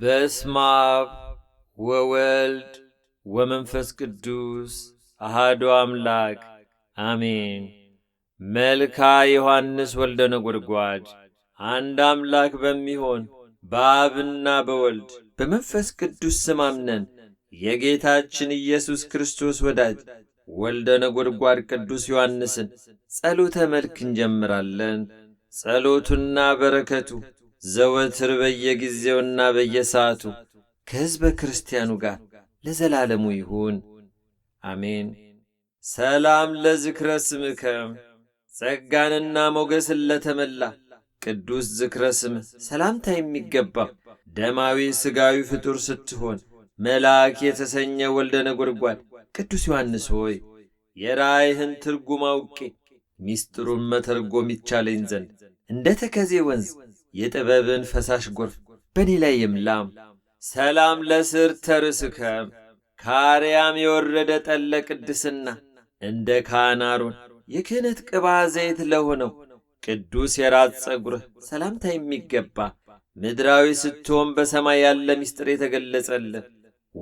በስመ አብ ወወልድ ወመንፈስ ቅዱስ አሃዱ አምላክ አሜን። መልካ ዮሐንስ ወልደ ነጎድጓድ አንድ አምላክ በሚሆን በአብና በወልድ በመንፈስ ቅዱስ ስም አምነን የጌታችን ኢየሱስ ክርስቶስ ወዳጅ ወልደ ነጎድጓድ ቅዱስ ዮሐንስን ጸሎተ መልክ እንጀምራለን። ጸሎቱና በረከቱ ዘወትር በየጊዜውና በየሰዓቱ ከሕዝበ ክርስቲያኑ ጋር ለዘላለሙ ይሁን አሜን። ሰላም ለዝክረ ስምከ ጸጋንና ሞገስን ለተመላ ቅዱስ ዝክረ ስምህ ሰላምታ የሚገባ ደማዊ ሥጋዊ ፍጡር ስትሆን መልአክ የተሰኘ ወልደ ነጎድጓድ ቅዱስ ዮሐንስ ሆይ የራእይህን ትርጉም አውቄ ሚስጥሩን መተርጎም ይቻለኝ ዘንድ እንደ ተከዜ ወንዝ የጥበብን ፈሳሽ ጎርፍ በእኔ ላይ የምላም ሰላም ለስር ተርስከ ከአርያም የወረደ ጠለ ቅድስና እንደ ካህን አሮን የክህነት ቅባ ዘይት ለሆነው ቅዱስ የራስ ጸጉርህ ሰላምታ የሚገባ ምድራዊ ስትሆን በሰማይ ያለ ምስጢር የተገለጸልህ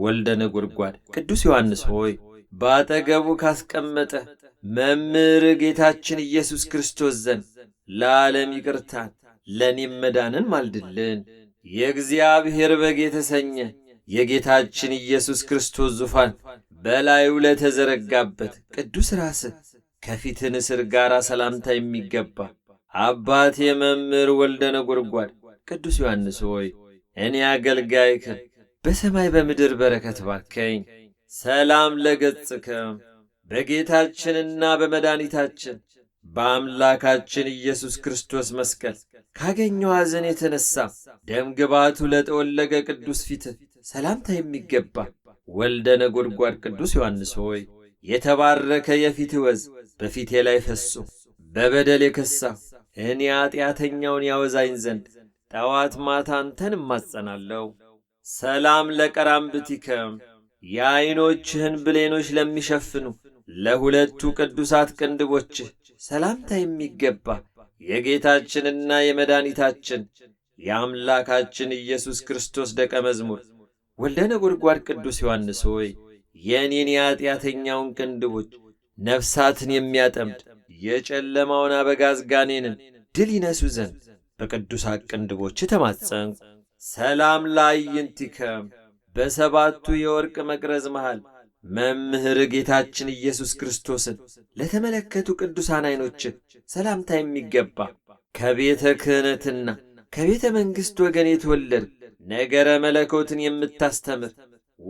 ወልደ ነጎድጓድ ቅዱስ ዮሐንስ ሆይ በአጠገቡ ካስቀመጠ መምህር ጌታችን ኢየሱስ ክርስቶስ ዘንድ ለዓለም ይቅርታን ለእኔም መዳንን ማልድልን። የእግዚአብሔር በግ የተሰኘ የጌታችን ኢየሱስ ክርስቶስ ዙፋን በላዩ ለተዘረጋበት ቅዱስ ራስ ከፊት ንስር ጋር ሰላምታ የሚገባ አባት የመምር ወልደ ነጎድጓድ ቅዱስ ዮሐንስ ሆይ እኔ አገልጋይከ በሰማይ በምድር በረከት ባርከኝ። ሰላም ለገጽከም በጌታችንና በመድኃኒታችን በአምላካችን ኢየሱስ ክርስቶስ መስቀል ካገኘው ሐዘን የተነሳ ደም ግባቱ ለጠወለገ ቅዱስ ፊት ሰላምታ የሚገባ ወልደ ነጎድጓድ ቅዱስ ዮሐንስ ሆይ የተባረከ የፊት ወዝ በፊቴ ላይ ፈሶ በበደል የከሳ እኔ ኃጢአተኛውን ያወዛኝ ዘንድ ጠዋት ማታ አንተን እማጸናለሁ። ሰላም ብቲከም የዐይኖችህን ብሌኖች ለሚሸፍኑ ለሁለቱ ቅዱሳት ቅንድቦችህ ሰላምታ የሚገባ የጌታችንና የመድኃኒታችን የአምላካችን ኢየሱስ ክርስቶስ ደቀ መዝሙር ወልደ ነጎድጓድ ቅዱስ ዮሐንስ ሆይ የእኔን የኀጢአተኛውን ቅንድቦች ነፍሳትን የሚያጠምድ የጨለማውን አበጋዝ ጋኔንን ድል ይነሱ ዘንድ በቅዱሳት ቅንድቦች ተማጸንኩ። ሰላም ይንቲከም በሰባቱ የወርቅ መቅረዝ መሃል መምህር ጌታችን ኢየሱስ ክርስቶስን ለተመለከቱ ቅዱሳን ዐይኖች ሰላምታ የሚገባ ከቤተ ክህነትና ከቤተ መንግሥት ወገን የተወለድ ነገረ መለኮትን የምታስተምር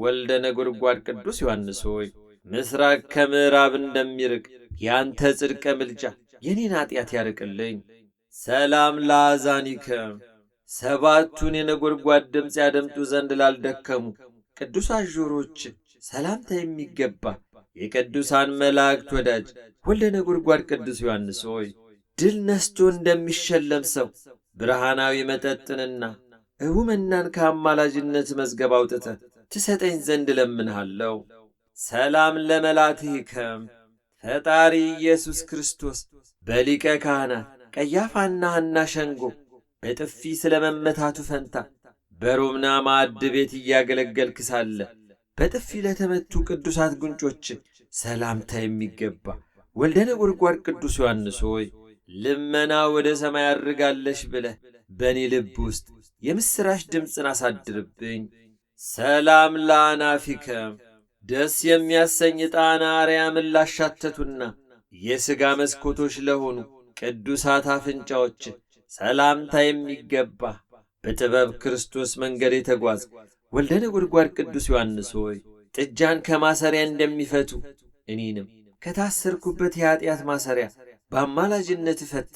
ወልደ ነጎድጓድ ቅዱስ ዮሐንስ ሆይ ምስራቅ ከምዕራብ እንደሚርቅ ያንተ ጽድቀ ምልጃ የኔን ኃጢአት ያርቅልኝ። ሰላም ለአዛኒከ ሰባቱን የነጎድጓድ ድምፅ ያደምጡ ዘንድ ላልደከሙ ቅዱሳን ጆሮች ሰላምታ የሚገባ የቅዱሳን መላእክት ወዳጅ ወልደ ነጎድጓድ ቅዱስ ዮሐንስ ሆይ ድል ነስቶ እንደሚሸለም ሰው ብርሃናዊ መጠጥንና እውመናን ከአማላጅነት መዝገብ አውጥተ ትሰጠኝ ዘንድ እለምንሃለሁ። ሰላም ለመላትህከም ፈጣሪ ኢየሱስ ክርስቶስ በሊቀ ካህናት ቀያፋና ሐና ሸንጎ በጥፊ ስለ መመታቱ ፈንታ በሮምና ማዕድ ቤት እያገለገልክ ሳለ በጥፊ ለተመቱ ቅዱሳት ጉንጮችን ሰላምታ የሚገባ ወልደ ነጎድጓድ ቅዱስ ዮሐንስ ሆይ ልመና ወደ ሰማይ አድርጋለሽ ብለህ በእኔ ልብ ውስጥ የምሥራሽ ድምፅን አሳድርብኝ። ሰላም ለአናፊከም ደስ የሚያሰኝ ጣና አርያምን ላሻተቱና የሥጋ መስኮቶች ለሆኑ ቅዱሳት አፍንጫዎችን ሰላምታ የሚገባ በጥበብ ክርስቶስ መንገድ የተጓዝ ወልደ ነጎድጓድ ቅዱስ ዮሐንስ ሆይ ጥጃን ከማሰሪያ እንደሚፈቱ እኔንም ከታሰርኩበት የኀጢአት ማሰሪያ በአማላጅነት እፈተ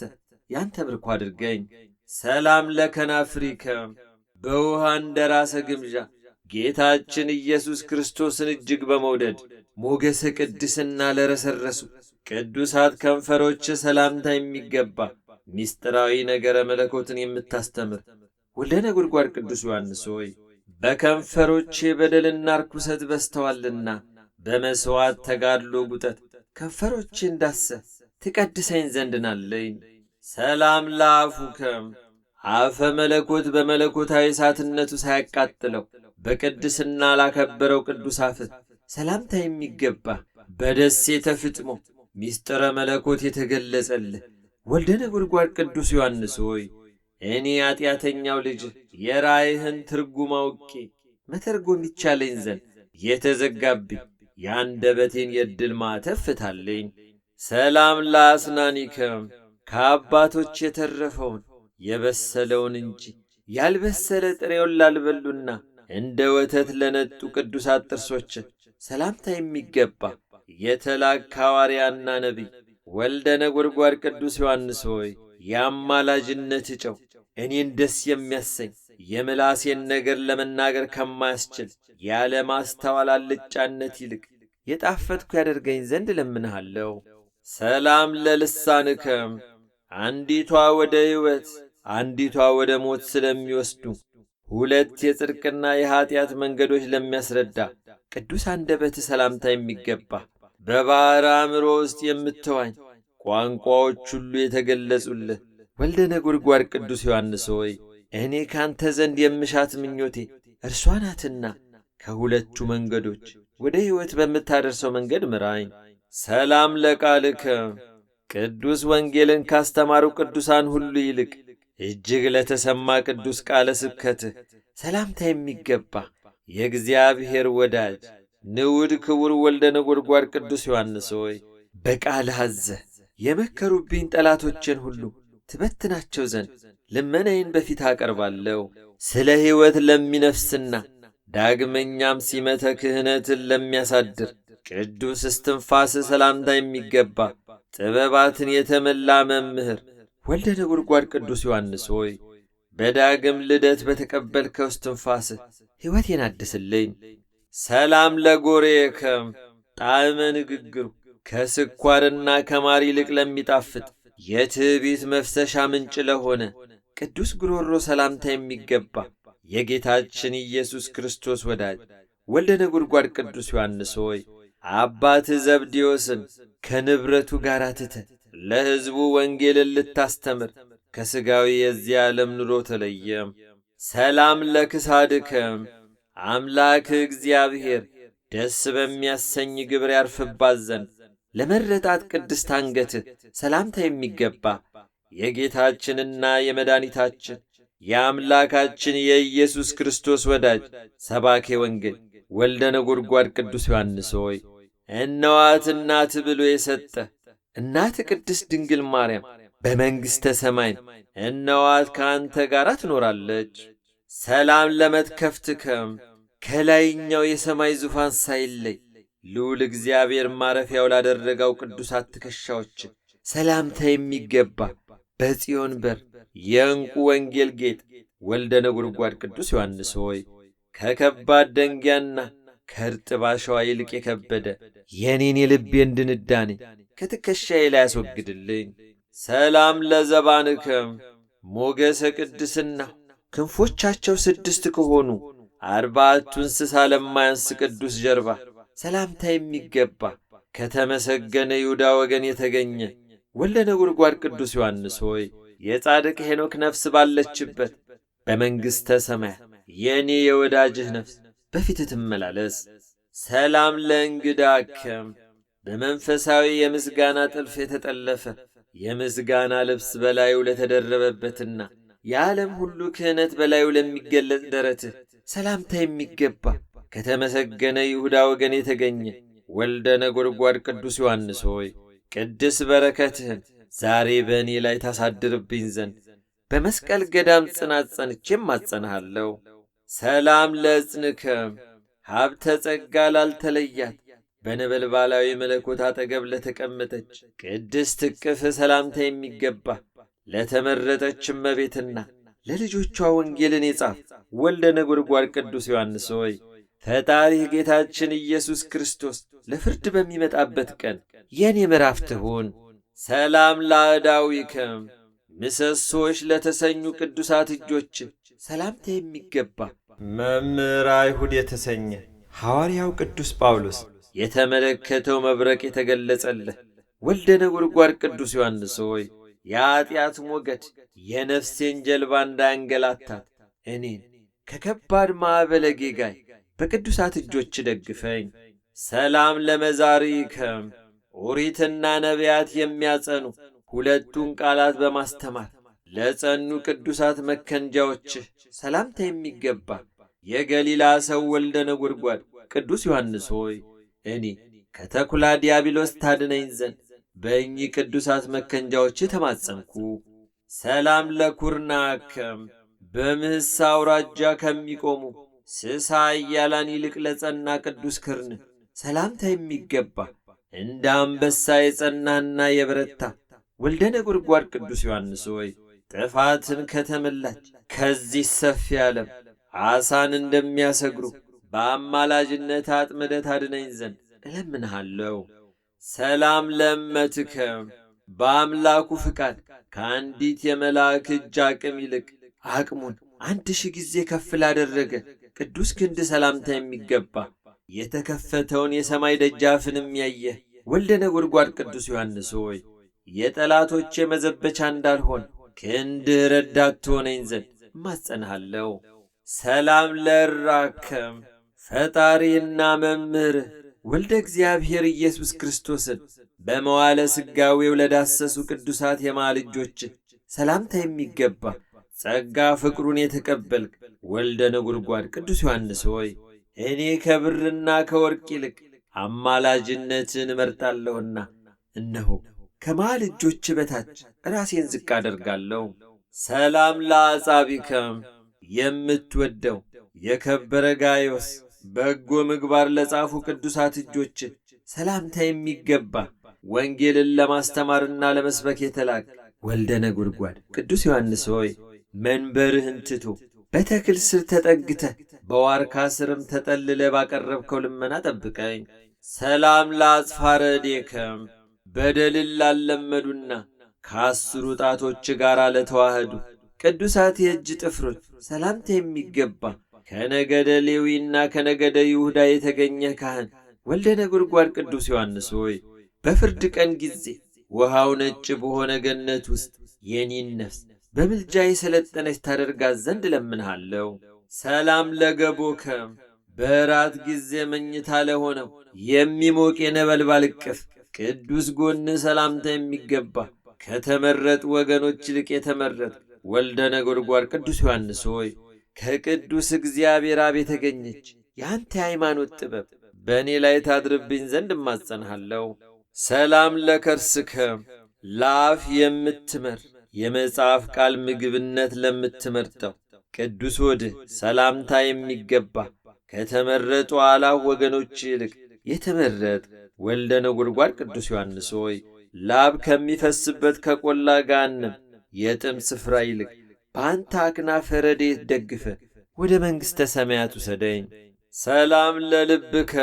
ያንተ ምርኮ አድርገኝ። ሰላም ለከናፍሪከ በውሃ እንደ ራሰ ግምዣ ጌታችን ኢየሱስ ክርስቶስን እጅግ በመውደድ ሞገሰ ቅድስና ለረሰረሱ ቅዱሳት ከንፈሮች ሰላምታ የሚገባ ምስጢራዊ ነገረ መለኮትን የምታስተምር ወልደ ነጎድጓድ ቅዱስ ዮሐንስ ሆይ በከንፈሮቼ በደልና ርኩሰት በዝተዋልና በመሥዋዕት ተጋድሎ ጉጠት ከንፈሮቼ እንዳሰ ትቀድሰኝ ዘንድናለኝ። ሰላም ለአፉከም አፈ መለኮት በመለኮታዊ እሳትነቱ ሳያቃጥለው በቅድስና ላከበረው ቅዱስ አፍ ሰላምታ የሚገባ በደሴተ ፍጥሞ ሚስጥረ መለኮት የተገለጸልህ ወልደ ነጎድጓድ ቅዱስ ዮሐንስ ሆይ እኔ ኃጢአተኛው ልጅ የራእይህን ትርጉም አውቄ መተርጎም ይቻለኝ ዘንድ የተዘጋብኝ የአንደበቴን የድል ማተፍታለኝ። ሰላም ለአስናኒከም ከአባቶች የተረፈውን የበሰለውን እንጂ ያልበሰለ ጥሬውን ላልበሉና እንደ ወተት ለነጡ ቅዱሳት ጥርሶች ሰላምታ የሚገባ የተላከ ሐዋርያና ነቢይ ወልደ ነጎድጓድ ቅዱስ ዮሐንስ ሆይ የአማላጅነት ጨው እኔን ደስ የሚያሰኝ የምላሴን ነገር ለመናገር ከማያስችል ያለ ማስተዋል አልጫነት ይልቅ የጣፈጥኩ ያደርገኝ ዘንድ እለምንሃለሁ። ሰላም ለልሳንከም አንዲቷ ወደ ሕይወት አንዲቷ ወደ ሞት ስለሚወስዱ ሁለት የጽድቅና የኀጢአት መንገዶች ለሚያስረዳ ቅዱስ አንደበት ሰላምታ የሚገባ በባሕር አእምሮ ውስጥ የምትዋኝ ቋንቋዎች ሁሉ የተገለጹልህ ወልደ ነጎድጓድ ቅዱስ ዮሐንስ ሆይ እኔ ካንተ ዘንድ የምሻት ምኞቴ እርሷ ናትና ከሁለቱ መንገዶች ወደ ሕይወት በምታደርሰው መንገድ ምራኝ። ሰላም ለቃልከ ቅዱስ ወንጌልን ካስተማሩ ቅዱሳን ሁሉ ይልቅ እጅግ ለተሰማ ቅዱስ ቃለ ስብከትህ ሰላምታ የሚገባ የእግዚአብሔር ወዳጅ ንውድ ክቡር ወልደ ነጎድጓድ ቅዱስ ዮሐንስ ሆይ በቃል አዘ የመከሩብኝ ጠላቶቼን ሁሉ ትበትናቸው ዘንድ ልመናዬን በፊት አቀርባለሁ። ስለ ሕይወት ለሚነፍስና ዳግመኛም ሲመተ ክህነትን ለሚያሳድር ቅዱስ እስትንፋስ ሰላምታ የሚገባ ጥበባትን የተመላ መምህር ወልደ ነጎድጓድ ቅዱስ ዮሐንስ ሆይ በዳግም ልደት በተቀበልከው እስትንፋስ ሕይወቴን አድስልኝ። ሰላም ለጎሬከ ጣዕመ ንግግሩ ከስኳርና ከማር ይልቅ ለሚጣፍጥ የትዕቢት መፍሰሻ ምንጭ ለሆነ ቅዱስ ጉሮሮ ሰላምታ የሚገባ የጌታችን ኢየሱስ ክርስቶስ ወዳጅ ወልደ ነጎድጓድ ቅዱስ ዮሐንስ ሆይ አባት ዘብዴዎስን ከንብረቱ ጋር ትተ ለሕዝቡ ወንጌልን ልታስተምር ከሥጋዊ የዚህ ዓለም ኑሮ ተለየም። ሰላም ለክሳድከም አምላክ እግዚአብሔር ደስ በሚያሰኝ ግብር ያርፍባት ዘንድ ለመረጣት ቅድስት አንገት ሰላምታ የሚገባ የጌታችንና የመድኃኒታችን የአምላካችን የኢየሱስ ክርስቶስ ወዳጅ ሰባኬ ወንጌል ወልደ ነጎድጓድ ቅዱስ ዮሐንስ ሆይ እነዋት እናት ብሎ የሰጠ እናት ቅድስት ድንግል ማርያም በመንግሥተ ሰማይን እነዋት ከአንተ ጋር ትኖራለች። ሰላም ለመትከፍትከም ከላይኛው የሰማይ ዙፋን ሳይለይ ልዑል እግዚአብሔር ማረፊያው ላደረገው ቅዱሳት ትከሻዎች ሰላምታ የሚገባ በጽዮን በር የእንቁ ወንጌል ጌጥ ወልደ ነጎድጓድ ቅዱስ ዮሐንስ ሆይ ከከባድ ደንጊያና ከእርጥብ አሸዋ ይልቅ የከበደ የኔን የልቤን ድንዳኔ ከትከሻዬ ላይ ያስወግድልኝ። ሰላም ለዘባንክም ሞገሰ ቅድስና ክንፎቻቸው ስድስት ከሆኑ አርባቱ እንስሳ ለማያንስ ቅዱስ ጀርባ ሰላምታ የሚገባ ከተመሰገነ ይሁዳ ወገን የተገኘ ወልደ ነጎድጓድ ቅዱስ ዮሐንስ ሆይ የጻድቅ ሄኖክ ነፍስ ባለችበት በመንግሥተ ሰማያት የእኔ የወዳጅህ ነፍስ በፊት ትመላለስ። ሰላም ለእንግዳከም በመንፈሳዊ የምስጋና ጥልፍ የተጠለፈ የምስጋና ልብስ በላዩ ለተደረበበትና የዓለም ሁሉ ክህነት በላዩ ለሚገለጽ ደረትህ ሰላምታ የሚገባ ከተመሰገነ ይሁዳ ወገን የተገኘ ወልደ ነጎድጓድ ቅዱስ ዮሐንስ ሆይ ቅድስ በረከትህን ዛሬ በእኔ ላይ ታሳድርብኝ ዘንድ በመስቀል ገዳም ጽናት ጸንቼም አጸንሃለሁ። ሰላም ለእጽንከም ሀብተ ጸጋ ላልተለያት በነበልባላዊ መለኮት አጠገብ ለተቀመጠች ቅድስት እቅፍ ሰላምታ የሚገባ ለተመረጠች እመቤትና ለልጆቿ ወንጌልን የጻፍ ወልደ ነጎድጓድ ቅዱስ ዮሐንስ ሆይ ፈጣሪህ ጌታችን ኢየሱስ ክርስቶስ ለፍርድ በሚመጣበት ቀን የኔ ምዕራፍ ትሁን። ሰላም ለአእዳዊከም ምሰሶች ለተሰኙ ቅዱሳት እጆች ሰላምታ የሚገባ መምህር አይሁድ የተሰኘ ሐዋርያው ቅዱስ ጳውሎስ የተመለከተው መብረቅ የተገለጸለህ ወልደ ነጎድጓድ ቅዱስ ዮሐንስ ሆይ የኀጢአት ሞገድ የነፍሴን ጀልባ እንዳያንገላታት እኔን ከከባድ ማዕበለጌ ጋር በቅዱሳት እጆች ደግፈኝ። ሰላም ለመዛሪከ ኦሪትና ነቢያት የሚያጸኑ ሁለቱን ቃላት በማስተማር ለጸኑ ቅዱሳት መከንጃዎች ሰላምታ የሚገባ የገሊላ ሰው ወልደ ነጎድጓድ ቅዱስ ዮሐንስ ሆይ እኔ ከተኩላ ዲያብሎስ ታድነኝ ዘንድ በእኚህ ቅዱሳት መከንጃዎች ተማጸንኩ። ሰላም ለኩርናከም በምሕሳ አውራጃ ከሚቆሙ ስሳ እያላን ይልቅ ለጸና ቅዱስ ክርን ሰላምታ የሚገባ እንደ አንበሳ የጸናና የበረታ ወልደ ነጎድጓድ ቅዱስ ዮሐንስ ሆይ ጥፋትን ከተመላች ከዚህ ሰፊ ዓለም አሳን እንደሚያሰግሩ በአማላጅነት አጥምደት አድነኝ ዘንድ እለምንሃለሁ። ሰላም ለመትከም በአምላኩ ፍቃድ ከአንዲት የመልአክ እጅ አቅም ይልቅ አቅሙን አንድ ሺህ ጊዜ ከፍ ላደረገ ቅዱስ ክንድ ሰላምታ የሚገባ የተከፈተውን የሰማይ ደጃፍንም ያየ ወልደ ነጎድጓድ ቅዱስ ዮሐንስ ሆይ የጠላቶቼ መዘበቻ እንዳልሆን ክንድህ ረዳት ትሆነኝ ዘንድ እማጸንሃለሁ። ሰላም ለራከም ፈጣሪና መምህር ወልደ እግዚአብሔር ኢየሱስ ክርስቶስን በመዋለ ሥጋዌው ለዳሰሱ ቅዱሳት የማልጆች ሰላምታ የሚገባ ጸጋ ፍቅሩን የተቀበልክ ወልደ ነጎድጓድ ቅዱስ ዮሐንስ ሆይ እኔ ከብርና ከወርቅ ይልቅ አማላጅነትን እመርጣለሁና እነሆ ከመሃል እጆች በታች ራሴን ዝቅ አደርጋለሁ። ሰላም ለአጻቢከም የምትወደው የከበረ ጋዮስ በጎ ምግባር ለጻፉ ቅዱሳት እጆች ሰላምታ የሚገባ ወንጌልን ለማስተማርና ለመስበክ የተላክ ወልደ ነጎድጓድ ቅዱስ ዮሐንስ ሆይ መንበርህን ትቶ በተክል ስር ተጠግተ በዋርካ ስርም ተጠልለ ባቀረብከው ልመና ጠብቀኝ። ሰላም ለአጽፋረ በደልል በደልን ላለመዱና ከአስሩ ጣቶች ጋር ለተዋህዱ ቅዱሳት የእጅ ጥፍሮች ሰላምታ የሚገባ ከነገደ ሌዊና ከነገደ ይሁዳ የተገኘ ካህን ወልደ ነጎድጓድ ቅዱስ ዮሐንስ ሆይ በፍርድ ቀን ጊዜ ውሃው ነጭ በሆነ ገነት ውስጥ የኔን ነፍስ በምልጃዬ ሰለጠነች ታደርጋት ዘንድ ለምንሃለው። ሰላም ለገቦከ በራት ጊዜ መኝታ ለሆነው የሚሞቅ የነበልባል እቅፍ ቅዱስ ጎን ሰላምታ የሚገባ ከተመረጥ ወገኖች ይልቅ የተመረጥ ወልደ ነጎድጓድ ቅዱስ ዮሐንስ ሆይ ከቅዱስ እግዚአብሔር አብ የተገኘች የአንተ የሃይማኖት ጥበብ በእኔ ላይ ታድርብኝ ዘንድ እማጸንሃለሁ። ሰላም ለከርስከ ላፍ የምትመር የመጽሐፍ ቃል ምግብነት ለምትመርጠው ቅዱስ ወድህ ሰላምታ የሚገባ ከተመረጡ አላፍ ወገኖች ይልቅ የተመረጥ ወልደ ነጎድጓድ ቅዱስ ዮሐንስ ሆይ ላብ ከሚፈስበት ከቈላ ጋንም የጥም ስፍራ ይልቅ በአንተ አክናፈ ረድኤት ደግፈ ወደ መንግሥተ ሰማያት ውሰደኝ። ሰላም ለልብከ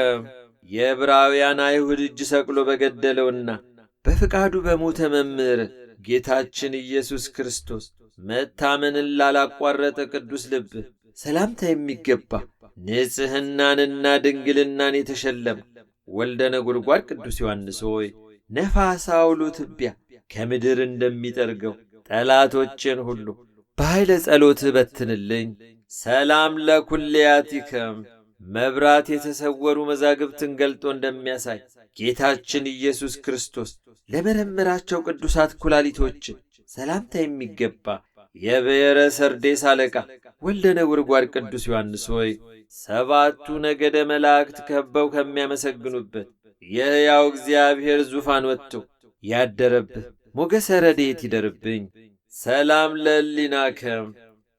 የዕብራውያን አይሁድ እጅ ሰቅሎ በገደለውና በፍቃዱ በሞተ መምህር ጌታችን ኢየሱስ ክርስቶስ መታመንን ላላቋረጠ ቅዱስ ልብህ ሰላምታ የሚገባ ንጽሕናንና ድንግልናን የተሸለመ ወልደ ነጎድጓድ ቅዱስ ዮሐንስ ሆይ ነፋሳ አውሎ ትቢያ ከምድር እንደሚጠርገው ጠላቶቼን ሁሉ በኃይለ ጸሎትህ በትንልኝ። ሰላም ለኩልያቲከም መብራት የተሰወሩ መዛግብትን ገልጦ እንደሚያሳይ ጌታችን ኢየሱስ ክርስቶስ ለመረመራቸው ቅዱሳት ኩላሊቶችን ሰላምታ የሚገባ የብሔረ ሰርዴስ አለቃ ወልደ ነጎድጓድ ቅዱስ ዮሐንስ ሆይ ሰባቱ ነገደ መላእክት ከበው ከሚያመሰግኑበት የሕያው እግዚአብሔር ዙፋን ወጥቶ ያደረብህ ሞገሰ ረድኤት ይደርብኝ። ሰላም ለሊናከም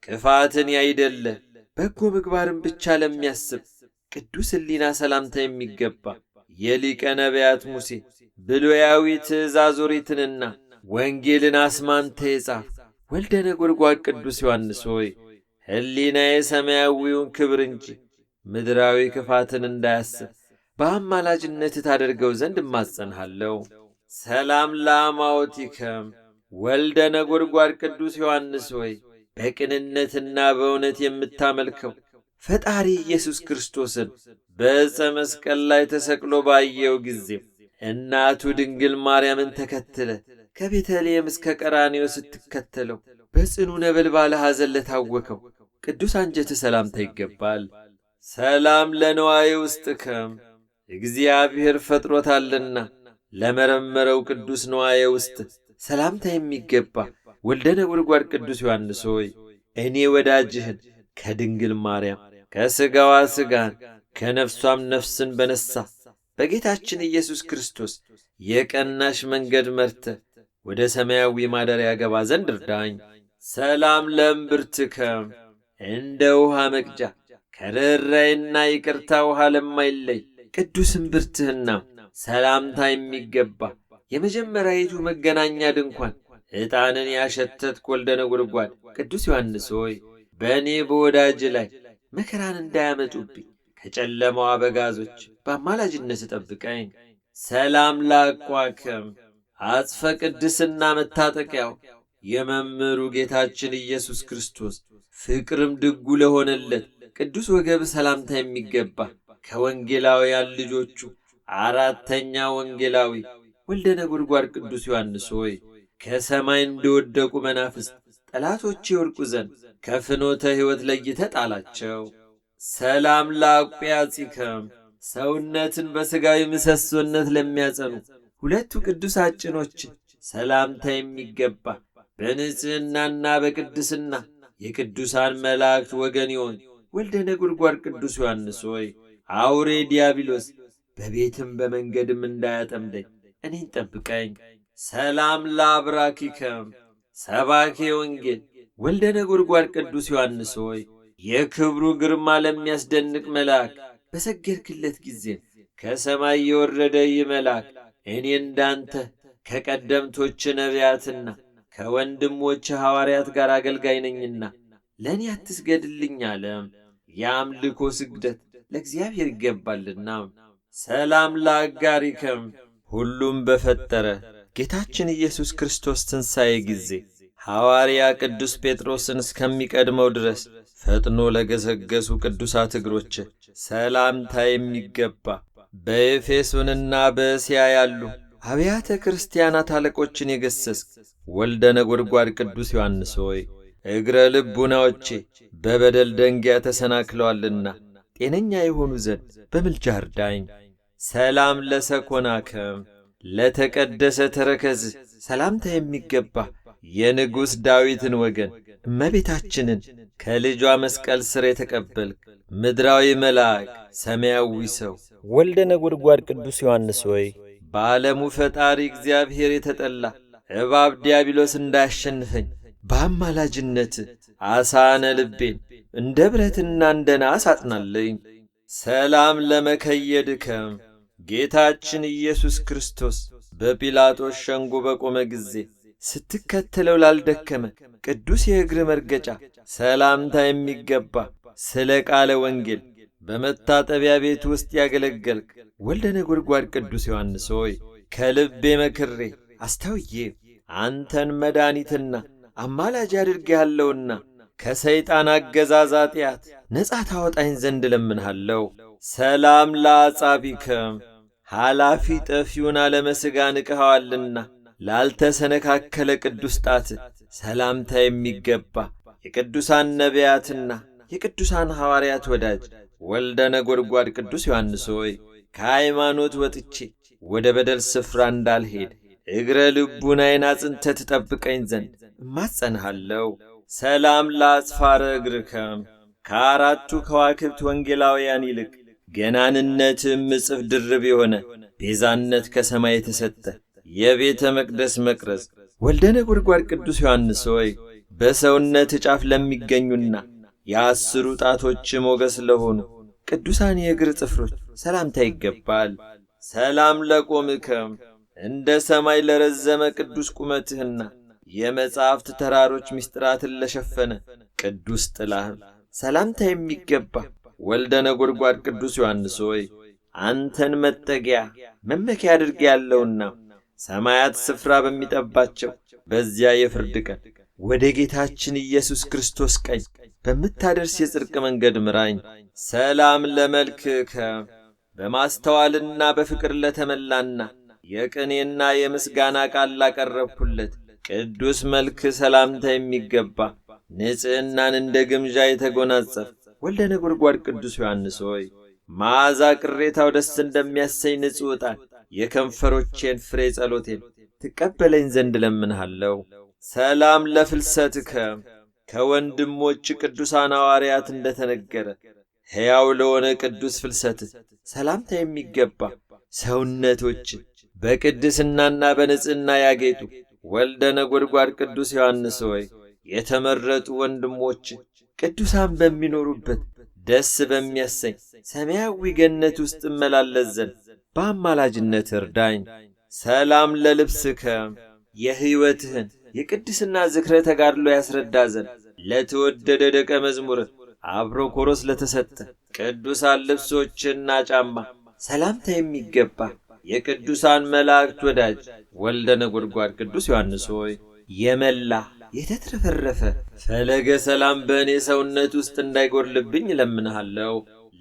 ክፋትን ያይደለህ በጎ ምግባርን ብቻ ለሚያስብ ቅዱስ ሕሊና ሰላምታ የሚገባ የሊቀ ነቢያት ሙሴ ብሉያዊ ትእዛዝ ኦሪትንና ወንጌልን አስማንተ የጻፍ ወልደ ነጎድጓድ ቅዱስ ዮሐንስ ሆይ ሕሊና የሰማያዊውን ክብር እንጂ ምድራዊ ክፋትን እንዳያስብ በአማላጅነት ታደርገው ዘንድ እማጸንሃለሁ። ሰላም ለአማዎቲከም ወልደ ነጎድጓድ ቅዱስ ዮሐንስ ሆይ በቅንነትና በእውነት የምታመልከው ፈጣሪ ኢየሱስ ክርስቶስን በዕፀ መስቀል ላይ ተሰቅሎ ባየው ጊዜ እናቱ ድንግል ማርያምን ተከትለ ከቤተልሔም እስከ ቀራኔዮ ስትከተለው በጽኑ ነበልባለ ሐዘን ለታወከው ቅዱስ አንጀት ሰላምታ ይገባል። ሰላም ውስጥ ውስጥከም እግዚአብሔር ፈጥሮታልና ለመረመረው ቅዱስ ነዋዬ ውስጥ ሰላምታ የሚገባ ወልደ ነጎድጓድ ቅዱስ ዮሐንስ ሆይ እኔ ወዳጅህን ከድንግል ማርያም ከሥጋዋ ሥጋን ከነፍሷም ነፍስን በነሳ በጌታችን ኢየሱስ ክርስቶስ የቀናሽ መንገድ መርተ ወደ ሰማያዊ ማደሪያ ገባ ዘንድ እርዳኝ። ሰላም ለእምብርትከም እንደ ውሃ መቅጃ ከርኅራኄና ይቅርታ ውሃ ለማይለይ ቅዱስ እምብርትህና ሰላምታ የሚገባ የመጀመሪያይቱ መገናኛ ድንኳን ዕጣንን ያሸተትክ ወልደ ነጎድጓድ ቅዱስ ዮሐንስ ሆይ በእኔ በወዳጅ ላይ መከራን እንዳያመጡብኝ ከጨለማው አበጋዞች በአማላጅነት ጠብቀኝ። ሰላም ላቋከም አጽፈ ቅድስና መታጠቂያው የመምህሩ ጌታችን ኢየሱስ ክርስቶስ ፍቅርም ድጉ ለሆነለት ቅዱስ ወገብ ሰላምታ የሚገባ ከወንጌላውያን ልጆቹ አራተኛ ወንጌላዊ ወልደ ነጎድጓድ ቅዱስ ዮሐንስ ሆይ ከሰማይ እንደወደቁ መናፍስት ጠላቶች ይወድቁ ዘንድ ከፍኖተ ሕይወት ለይተ ጣላቸው። ሰላም ለአቁጵያፂከም ሰውነትን በሥጋዊ ምሰሶነት ለሚያጸኑ ሁለቱ ቅዱስ አጭኖች ሰላምታ የሚገባ በንጽሕናና በቅድስና የቅዱሳን መላእክት ወገን ይሆን ወልደ ነጎድጓድ ቅዱስ ዮሐንስ ሆይ አውሬ ዲያብሎስ በቤትም በመንገድም እንዳያጠምደኝ እኔን ጠብቀኝ። ሰላም ለአብራኪከም ሰባኬ ወንጌል ወልደ ነጎድጓድ ቅዱስ ዮሐንስ ሆይ የክብሩ ግርማ ለሚያስደንቅ መልአክ በሰገድክለት ጊዜ ከሰማይ የወረደ ይህ መልአክ እኔ እንዳንተ ከቀደምቶች ነቢያትና ከወንድሞች ሐዋርያት ጋር አገልጋይ ነኝና ለእኔ አትስገድልኝ አለም። የአምልኮ ስግደት ለእግዚአብሔር ይገባልና። ሰላም ለአጋሪከም ሁሉም በፈጠረ ጌታችን ኢየሱስ ክርስቶስ ትንሣኤ ጊዜ ሐዋርያ ቅዱስ ጴጥሮስን እስከሚቀድመው ድረስ ፈጥኖ ለገሰገሱ ቅዱሳት እግሮች ሰላምታ የሚገባ በኤፌሶንና በእስያ ያሉ አብያተ ክርስቲያናት አለቆችን የገሰስክ ወልደ ነጎድጓድ ቅዱስ ዮሐንስ ሆይ እግረ ልቡናዎቼ በበደል ደንጊያ ተሰናክለዋልና ጤነኛ የሆኑ ዘንድ በምልጃ እርዳኝ። ሰላም ለሰኮናከም ለተቀደሰ ተረከዝ ሰላምታ የሚገባ የንጉሥ ዳዊትን ወገን እመቤታችንን ከልጇ መስቀል ሥር የተቀበልክ ምድራዊ መልአክ ሰማያዊ ሰው ወልደ ነጎድጓድ ቅዱስ ዮሐንስ ሆይ በዓለሙ ፈጣሪ እግዚአብሔር የተጠላ እባብ ዲያብሎስ እንዳያሸንፈኝ በአማላጅነት አሳነ ልቤን እንደ ብረትና እንደ ናስ አጽናለኝ። ሰላም ለመከየድከም ጌታችን ኢየሱስ ክርስቶስ በጲላጦስ ሸንጎ በቆመ ጊዜ ስትከተለው ላልደከመ ቅዱስ የእግር መርገጫ ሰላምታ የሚገባ ስለ ቃለ ወንጌል በመታጠቢያ ቤት ውስጥ ያገለገልክ ወልደ ነጎድጓድ ቅዱስ ዮሐንስ ሆይ ከልቤ መክሬ አስታውዬ አንተን መድኃኒትና አማላጅ አድርጌሃለሁና ከሰይጣን አገዛዝ ነጻ ታወጣኝ ዘንድ እለምንሃለሁ። ሰላም ለአጻቢከም ኃላፊ ጠፊውን ዓለመ ሥጋ ንቅኸዋልና ላልተሰነካከለ ቅዱስ ጣት ሰላምታ የሚገባ የቅዱሳን ነቢያትና የቅዱሳን ሐዋርያት ወዳጅ ወልደ ነጎድጓድ ቅዱስ ዮሐንስ ሆይ ከሃይማኖት ወጥቼ ወደ በደል ስፍራ እንዳልሄድ እግረ ልቡናዬን አጽንተ ትጠብቀኝ ዘንድ እማጸንሃለሁ። ሰላም ለአጽፋረ እግርከም ከአራቱ ከዋክብት ወንጌላውያን ይልቅ ገናንነትም እጽፍ ድርብ የሆነ ቤዛነት ከሰማይ የተሰጠ የቤተ መቅደስ መቅረዝ ወልደ ነጎድጓድ ቅዱስ ዮሐንስ ሆይ በሰውነት ጫፍ ለሚገኙና የአስሩ ጣቶች ሞገስ ለሆኑ ቅዱሳን የእግር ጥፍሮች ሰላምታ ይገባል። ሰላም ለቆምከም እንደ ሰማይ ለረዘመ ቅዱስ ቁመትህና የመጻሕፍት ተራሮች ምስጢራትን ለሸፈነ ቅዱስ ጥላህም ሰላምታ የሚገባ ወልደ ነጎድጓድ ቅዱስ ዮሐንስ ሆይ አንተን መጠጊያ መመኪያ አድርጌ ያለውና ሰማያት ስፍራ በሚጠባቸው በዚያ የፍርድ ቀን ወደ ጌታችን ኢየሱስ ክርስቶስ ቀኝ በምታደርስ የጽድቅ መንገድ ምራኝ። ሰላም ለመልክከ በማስተዋልና በፍቅር ለተመላና የቅኔና የምስጋና ቃል ላቀረብኩለት ቅዱስ መልክ ሰላምታ የሚገባ ንጽሕናን እንደ ግምዣ የተጎናጸፍ ወልደ ነጎድጓድ ቅዱስ ዮሐንስ ሆይ መዓዛ ቅሬታው ደስ እንደሚያሰኝ ንጹሕ ዕጣን የከንፈሮቼን ፍሬ ጸሎቴን ትቀበለኝ ዘንድ እለምንሃለሁ። ሰላም ለፍልሰትከ ከወንድሞች ቅዱሳን እንደ እንደተነገረ ሕያው ለሆነ ቅዱስ ፍልሰት ሰላምታ የሚገባ ሰውነቶች በቅድስናና በንጽሕና ያጌጡ ወልደ ነጎድጓድ ቅዱስ ዮሐንስ ሆይ የተመረጡ ወንድሞች ቅዱሳን በሚኖሩበት ደስ በሚያሰኝ ሰማያዊ ገነት ውስጥ እመላለስ ዘንድ በአማላጅነት እርዳኝ። ሰላም ለልብስከ የሕይወትህን የቅድስና ዝክረ ተጋድሎ ያስረዳ ዘንድ ለተወደደ ደቀ መዝሙርህ አብሮኮሮስ ለተሰጠ ቅዱሳን ልብሶችና ጫማ ሰላምታ የሚገባ የቅዱሳን መላእክት ወዳጅ ወልደ ነጎድጓድ ቅዱስ ዮሐንስ ሆይ የመላ የተትረፈረፈ ፈለገ ሰላም በእኔ ሰውነት ውስጥ እንዳይጎድልብኝ እለምንሃለሁ።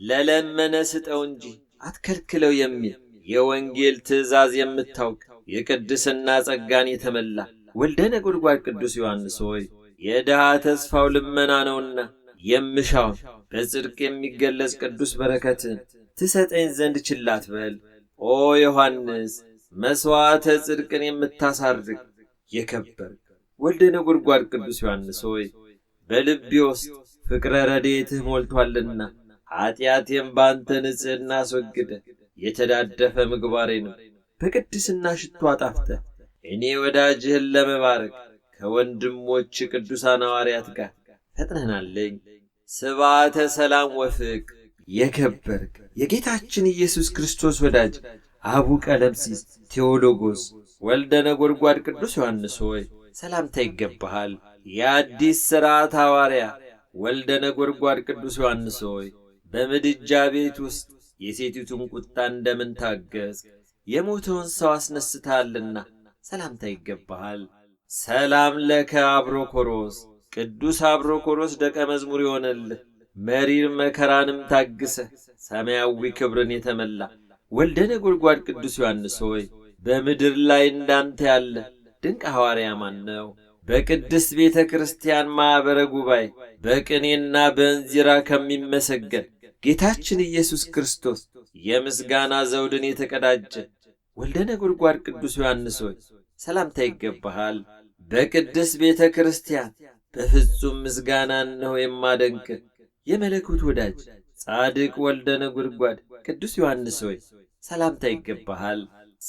ለለመነ ስጠው እንጂ አትከልክለው የሚል የወንጌል ትእዛዝ የምታውቅ የቅድስና ጸጋን የተመላ ወልደ ነጎድጓድ ቅዱስ ዮሐንስ ሆይ የድሃ ተስፋው ልመና ነውና የምሻውን በጽድቅ የሚገለጽ ቅዱስ በረከትን ትሰጠኝ ዘንድ ችላት በል። ኦ ዮሐንስ መሥዋዕተ ጽድቅን የምታሳርግ የከበር ወልደ ነጎድጓድ ቅዱስ ዮሐንስ ሆይ በልቤ ውስጥ ፍቅረ ረድኤትህ ሞልቷልና ኃጢአቴም በአንተ ንጽሕና አስወግደ የተዳደፈ ምግባሬንም በቅድስና ሽቶ አጣፍተ እኔ ወዳጅህን ለመባረክ ከወንድሞች ቅዱሳን ሐዋርያት ጋር ፈጥነናለኝ። ስብዓተ ሰላም ወፍቅ የከበርክ የጌታችን ኢየሱስ ክርስቶስ ወዳጅ አቡ ቀለምሲስ ቴዎሎጎስ ወልደ ነጎድጓድ ቅዱስ ዮሐንስ ሆይ ሰላምታ ይገባሃል። የአዲስ ሥርዓት ሐዋርያ ወልደ ነጎድጓድ ቅዱስ ዮሐንስ ሆይ በምድጃ ቤት ውስጥ የሴቲቱን ቁጣ እንደምን ታገዝ የሞተውን ሰው አስነስታልና ሰላምታ ይገባሃል። ሰላም ለከ አብሮኮሮስ ቅዱስ አብሮኮሮስ ደቀ መዝሙር ይሆነልህ መሪር መከራንም ታግሰ ሰማያዊ ክብርን የተመላ ወልደ ነጎድጓድ ቅዱስ ዮሐንስ ሆይ በምድር ላይ እንዳንተ ያለ ድንቅ ሐዋርያ ማን ነው? በቅድስት ቤተ ክርስቲያን ማኅበረ ጉባኤ በቅኔና በእንዚራ ከሚመሰገን ጌታችን ኢየሱስ ክርስቶስ የምስጋና ዘውድን የተቀዳጀ ወልደ ነጎድጓድ ቅዱስ ዮሐንስ ሆይ ሰላምታ ይገባሃል። በቅድስት ቤተ ክርስቲያን በፍጹም ምስጋና እነሆ የማደንቅ የመለኮት ወዳጅ ጻድቅ ወልደ ነጎድጓድ ቅዱስ ዮሐንስ ሆይ ሰላምታ ይገባሃል።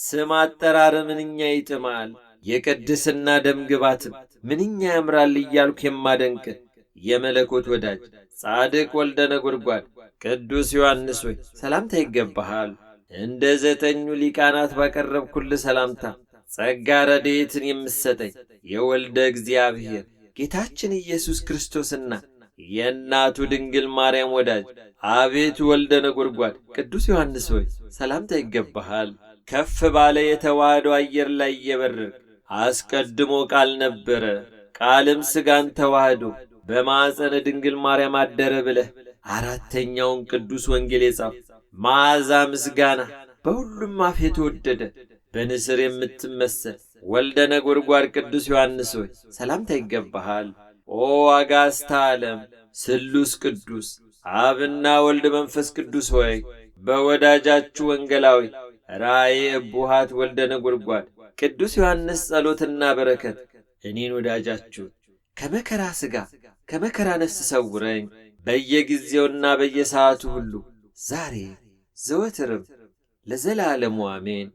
ስም አጠራር ምንኛ ይጥማል። የቅድስና ደምግባትም ምንኛ ያምራል እያልኩ የማደንቅ የመለኮት ወዳጅ ጻድቅ ወልደ ነጎድጓድ ቅዱስ ዮሐንስ ሆይ ሰላምታ ይገባሃል። እንደ ዘጠኙ ሊቃናት ባቀረብኩል ሰላምታ ጸጋ ረድኤትን የምትሰጠኝ የወልደ እግዚአብሔር ጌታችን ኢየሱስ ክርስቶስና የእናቱ ድንግል ማርያም ወዳጅ አቤቱ ወልደ ነጎድጓድ ቅዱስ ዮሐንስ ሆይ ሰላምታ ይገባሃል። ከፍ ባለ የተዋህዶ አየር ላይ እየበረርክ አስቀድሞ ቃል ነበረ፣ ቃልም ሥጋን ተዋህዶ በማዕፀነ ድንግል ማርያም አደረ ብለህ አራተኛውን ቅዱስ ወንጌል የጻፍ መዓዛ ምስጋና በሁሉም አፍ የተወደደ በንስር የምትመሰል ወልደ ነጎድጓድ ቅዱስ ዮሐንስ ሆይ ሰላምታ ይገባሃል። ኦ አጋስታ ዓለም ስሉስ ቅዱስ አብና ወልድ መንፈስ ቅዱስ ሆይ በወዳጃችሁ ወንጌላዊ ራእየ እቡሃት ወልደ ነጎድጓድ ቅዱስ ዮሐንስ ጸሎትና በረከት እኔን ወዳጃችሁ ከመከራ ሥጋ ከመከራ ነፍስ ሰውረኝ በየጊዜውና በየሰዓቱ ሁሉ ዛሬ ዘወትርም ለዘላለሙ አሜን።